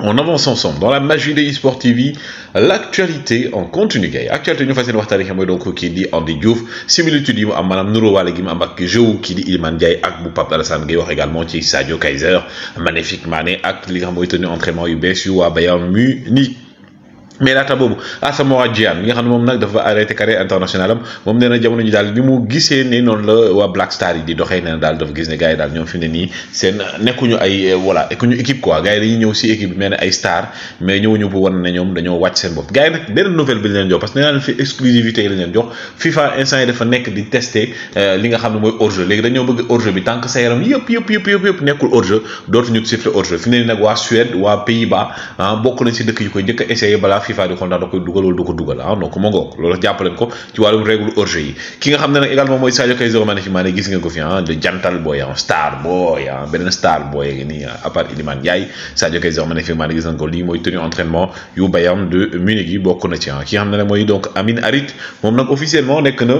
On avance ensemble dans la magie des eSport TV, l'actualité en continu actualité nous faisons voir waxtaanee xam donc Andy Diouf similitude yi mu am maanaam nuróowaale gi mu am dit jeu kii di Iliman Alassane également ci Sadio Kaiser magnifique Mané acte li nga entraînement yu bees yu waa Bayern Munich mais laata boobu Asamoah Gyan bi nga xam ne moom nag dafa arrêté carrière internationale am moom nee na jamono ji daal ni mu gisee ne noonu la waa Black Star yi di doxee nee na daal dafa gis ne gars yi daal ñoom fi mu ne nii seen nekkuñu ay euh, voilà nekkuñu équipe quoi gars ñëw si équipe bi mel ñoom dañoo wàcc seen bopp gars nag beneen nouvelle bi leen jox parce que nee naa fi exclusivité yi la leen jox FIFA instant yi dafa nekk di testé euh, li nga xam ne mooy hors léegi dañoo bëgg hors bi tant FIFA di xool ndax da koy dugal wala du ko dugal ah non ko ma ngoog loolu jàppaleen ko ci wàllum règle hors-jeu yi ki nga xam ne nag également mooy Sadio Kaiser fi maa ne gis nga ko fi ah de jantal boy ah star boy ah, ah, lii mooy tenue entraînement yu Bayern de Munich yi bokk na ci ah ki nga xam ne nag mooy donc Amin Harit moom nag officiellement nekk na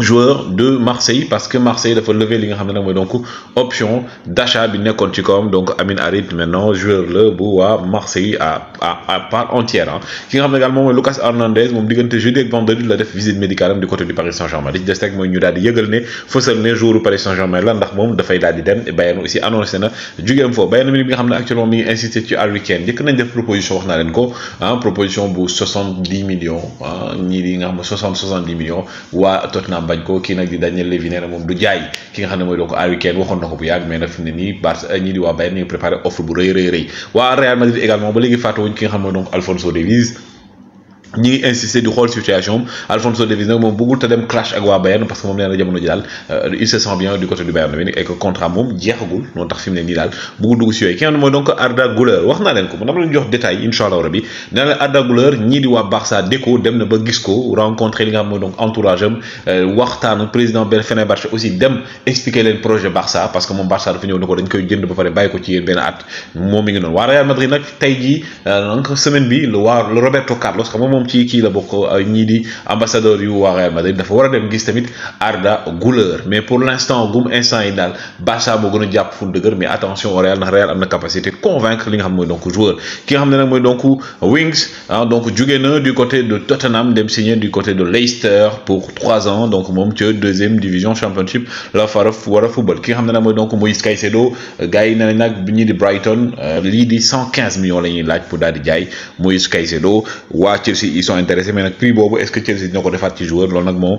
joueur de Marseille parce que Marseille dafa lever li nga donc option d'achat bi nekkoon ci donc Amine Harit maintenant joueur le bu Marseille à à part entière qui hein. ki nga également Lucas Hernandez moom diggante jeudi vendredi la def visite médicale am du côté du Paris Saint-Germain li ci des rek mooy ñu daal di yëgal ne fësal jour joueur Paris Saint-Germain la ndax de faire la di et Bayern aussi annoncé na jugeem foofu Bayern mi bi nga actuellement mi ngi insisté ci Harry Kane njëkk nañ def proposition wax naa leen ko hein, proposition bu 70 millions ni hein, ñii nga 60 70 millions à Tottenham bañ ko kii nag di Daniel Levy nee na moom du jaay ki nga xam ne mooy donc Harry Kane waxoon na ko bu yàgg mais nag ne nii Barça eh, ñii di waa Bayern ñu préparé offre bu rëy rëy waa Real Madrid également ba léegi fàtte wuñ ki nga xam mooy donc Alphonso Davies ñi ngi insisté di xool situation am Alphonso Davies nag moom bëggul te dem clash ak waa Bayern parce que moom nee na jamono ji daal euh, il se sent bien du côté du Bayern bi et que contrat moom jeexagul noonu tax fi mu ne nii daal bëggul dugg si yooyu ki nga xam mooy donc Arda Güler wax naa leen ko man dama leen jox détail incha allah rabi nee na Arda Güler ñii di waa Barça déco dem na ba gis ko rencontré li nga xam mooy donc entourage am euh, waxtaan président benn Fenerbahçe aussi dem expliquer leen projet Barça parce que moom Barça dafa ñëw ne ko dañ koy jënd ba pare bàyyi ko ci yéen benn at moom mi ngi noonu waa Real Madrid nag tey jii euh, donc semaine bi le waa Roberto Carlos xam nga moom moom ci kii la bokk ñii di ambassadeur yu waa Real Madrid dafa wara dem gis tamit Arda Güler mais pour l'instant, gum instant yi d'al. Barça mo gëna japp jàpp fu mais attention Real na Real amna capacité convaincre li nga xam moy donc joueur ki nga xam nak moy donc Wings ah, donc jugee na du côté de Tottenham dem signé du côté de Leicester pour trois ans donc moom ci deuxième division championship la fara wara football ki nga xam nak moy donc moy Caicedo gars yi ne nañ di Brighton euh, li di 115 millions lañuy laaj pour daal di jaay Moïse Caicedo wa Chelsea aussi ils mais nag prix boobu est-ce que Chelsea defaat ci joueur loolu nag moom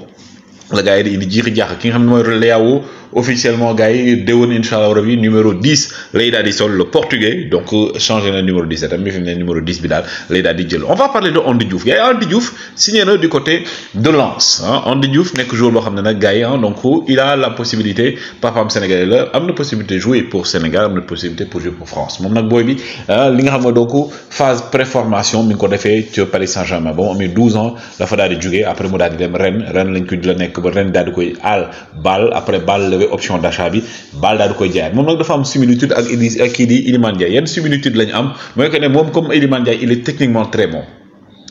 la gars indi jiixi jaax ki xam ne mooy Leao officiellement gars yi déwén incha rabi numéro 10 lay di sol le portugais donc euh, changer le numéro 17 am mi numéro 10 bi daal lay di on va parler de Andy Diouf y a Andy Diouf signé du côté de Lens hein? Andy Diouf nekk joueur boo xam gars yi hein. donc il a la possibilité papaam sénégalais là a na possibilité jouer pour Sénégal a na possibilité pour jouer pour France moom nak boy bi hein, li nga xam ne donc phase préformation mi ngi ko défé ci Paris Saint-Germain bon mu 12 ans la fa daal di après mo daal di dem Rennes Rennes lañ ko la nek ba Rennes daal di koy àll Bâle après Bâle levé option d'achat bi Bal da mon koy de mom nak dafa am similitude ak Idriss ak kii di Iliman Ndiaye yenn similitude la am mooy que ne mom comme Iliman il est techniquement très bon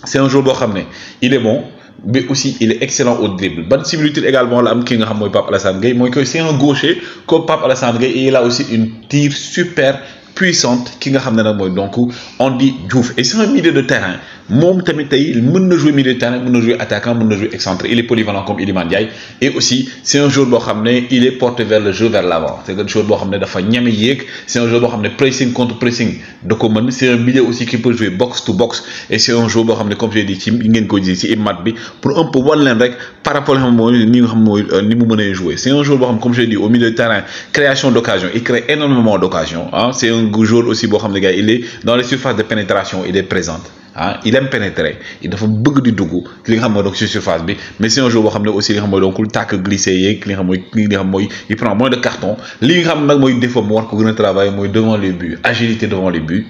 c'est un joueur de xamné il est bon. mais aussi il est excellent au dribble ban similitude également la am ki nga xam moy Pape Alassane Gueye moy que c'est un gaucher comme Pape Alassane Gueye il a aussi une tire super puissante ki nga xamné ne moy donc donc dit Diouf et c'est un milieu de terrain Mom tamit tey mën na jouer milieu de terrain nous na jouer attaquant nous na jouer excentré il est polyvalent comme est Ndiaye et aussi c'est un joueur boo xam il est porté vers le jeu vers l'avant c'est un joueur boo xam ne dafa ñeme yéeg c'est un joueur boo xam pressing contre pressing da ko c'est un milieu aussi qui peut jouer box to box et c'est un joueur boo xam comme je l'ai dit ci ngeen ko gis ci imat bi pour un peu wan leen par rapport à ce ni nga xam euh, ni mu jouer c'est un joueur boo xam comme je l'ai dit au milieu de terrain création d'occasion il crée énormément d'occasion hein. c'est un joueur aussi boo xam il est dans les surfaces de pénétration il est présent ah, il aime pénétrer il dafa bëgg di dugg ci li nga xam moy donc surface bi mais si un jour bo xamné aussi li nga xam mooy donc lu tàkk glissé yeeg li nga xam moy li nga xam moy il prend moins de carton li nga xam nak moy défaut mo war ko gëna travailler moy devant les buts agilité devant les buts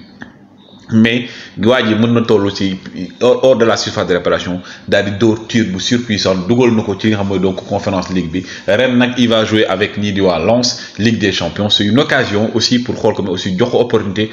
mais waa ji mën na toll ci hors de la surface de réparation daal di dóor tir bu surpuissant dugal na ci nga xam moy donc conférence ligue bi ren nak il va jouer avec ni di wa lance Ligue des Champions c'est une occasion aussi pour xol comme aussi jox ko opportunité